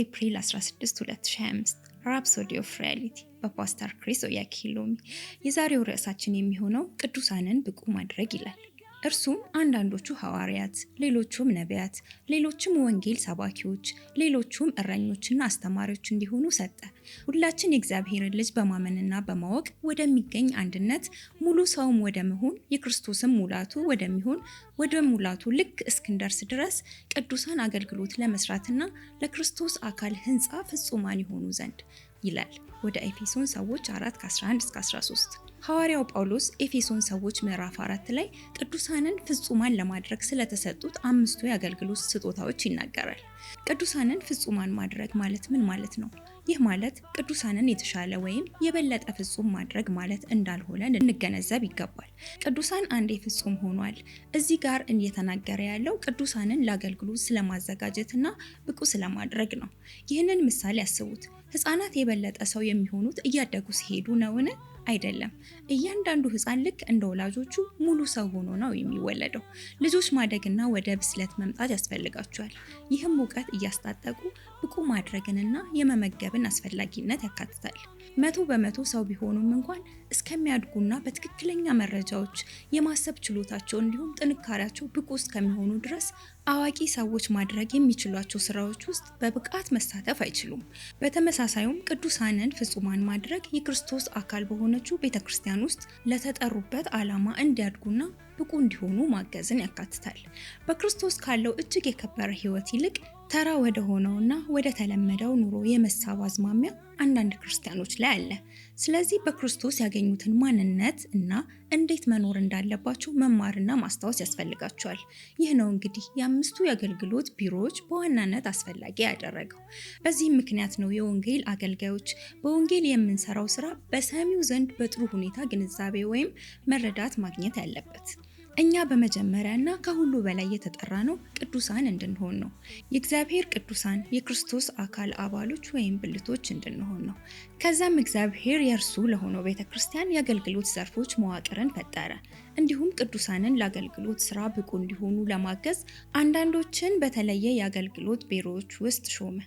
ኤፕሪል 16 2025 ራፕሶዲ ኦፍ ሪያሊቲ በፓስተር ክሪስ ኦያኪሎሚ። የዛሬው ርዕሳችን የሚሆነው ቅዱሳንን ብቁ ማድረግ ይላል። እርሱም አንዳንዶቹ ሐዋርያት፣ ሌሎቹም ነቢያት፣ ሌሎችም ወንጌል ሰባኪዎች፣ ሌሎቹም እረኞችና አስተማሪዎች እንዲሆኑ ሰጠ። ሁላችን የእግዚአብሔርን ልጅ በማመንና በማወቅ ወደሚገኝ አንድነት፣ ሙሉ ሰውም ወደ መሆን የክርስቶስም ሙላቱ ወደሚሆን ወደ ሙላቱ ልክ እስክንደርስ ድረስ ቅዱሳን አገልግሎት ለመስራትና ለክርስቶስ አካል ሕንፃ ፍጹማን የሆኑ ዘንድ ይላል ወደ ኤፌሶን ሰዎች 4 11-13 ሐዋርያው ጳውሎስ ኤፌሶን ሰዎች ምዕራፍ 4 ላይ ቅዱሳንን ፍጹማን ለማድረግ ስለተሰጡት አምስቱ የአገልግሎት ስጦታዎች ይናገራል። ቅዱሳንን ፍጹማን ማድረግ ማለት ምን ማለት ነው? ይህ ማለት ቅዱሳንን የተሻለ ወይም የበለጠ ፍጹም ማድረግ ማለት እንዳልሆነ እንገነዘብ ይገባል። ቅዱሳን አንዴ ፍጹም ሆኗል። እዚህ ጋር እየተናገረ ያለው ቅዱሳንን ለአገልግሎት ስለማዘጋጀትና ብቁ ስለማድረግ ነው። ይህንን ምሳሌ ያስቡት። ሕፃናት የበለጠ ሰው የሚሆኑት እያደጉ ሲሄዱ ነውን? አይደለም። እያንዳንዱ ህፃን ልክ እንደ ወላጆቹ ሙሉ ሰው ሆኖ ነው የሚወለደው። ልጆች ማደግና ወደ ብስለት መምጣት ያስፈልጋቸዋል። ይህም እውቀት እያስታጠቁ ብቁ ማድረግንና የመመገብን አስፈላጊነት ያካትታል። መቶ በመቶ ሰው ቢሆኑም እንኳን እስከሚያድጉና በትክክለኛ መረጃዎች የማሰብ ችሎታቸው እንዲሁም ጥንካሬያቸው ብቁ እስከሚሆኑ ድረስ አዋቂ ሰዎች ማድረግ የሚችሏቸው ስራዎች ውስጥ በብቃት መሳተፍ አይችሉም። በተመሳሳዩም ቅዱሳንን ፍጹማን ማድረግ የክርስቶስ አካል በሆነችው ቤተ ክርስቲያን ውስጥ ለተጠሩበት ዓላማ እንዲያድጉና ብቁ እንዲሆኑ ማገዝን ያካትታል። በክርስቶስ ካለው እጅግ የከበረ ሕይወት ይልቅ ተራ ወደ ሆነውና ወደ ተለመደው ኑሮ የመሳብ አዝማሚያ አንዳንድ ክርስቲያኖች ላይ አለ። ስለዚህ በክርስቶስ ያገኙትን ማንነት እና እንዴት መኖር እንዳለባቸው መማርና ማስታወስ ያስፈልጋቸዋል። ይህ ነው እንግዲህ የአምስቱ የአገልግሎት ቢሮዎች በዋናነት አስፈላጊ ያደረገው። በዚህም ምክንያት ነው የወንጌል አገልጋዮች በወንጌል የምንሰራው ስራ በሰሚው ዘንድ በጥሩ ሁኔታ ግንዛቤ ወይም መረዳት ማግኘት ያለበት። እኛ በመጀመሪያ ከሁሉ በላይ የተጠራ ነው ቅዱሳን እንድንሆን ነው። የእግዚአብሔር ቅዱሳን የክርስቶስ አካል አባሎች ወይም ብልቶች እንድንሆን ነው። ከዛም እግዚአብሔር የእርሱ ለሆነው ቤተ ክርስቲያን የአገልግሎት ዘርፎች መዋቅርን ፈጠረ። እንዲሁም ቅዱሳንን ለአገልግሎት ስራ ብቁ እንዲሆኑ ለማገዝ አንዳንዶችን በተለየ የአገልግሎት ቢሮዎች ውስጥ ሾመ።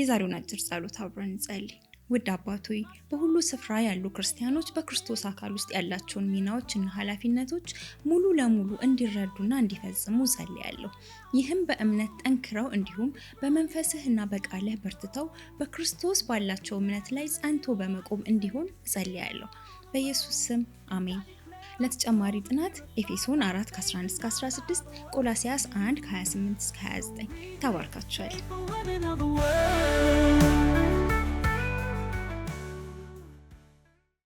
የዛሬውን አጭር ጸሎት አብረን እንጸልይ። ውድ አባት ሆይ በሁሉ ስፍራ ያሉ ክርስቲያኖች በክርስቶስ አካል ውስጥ ያላቸውን ሚናዎች እና ኃላፊነቶች ሙሉ ለሙሉ እንዲረዱና እንዲፈጽሙ ጸልያለሁ። ይህም በእምነት ጠንክረው እንዲሁም በመንፈስህ እና በቃልህ በርትተው በክርስቶስ ባላቸው እምነት ላይ ጸንቶ በመቆም እንዲሆን ጸልያለሁ። በኢየሱስ ስም አሜን። ለተጨማሪ ጥናት ኤፌሶን 4 11-16፣ ቆላሲያስ 1 28-29። ተባርካችኋል።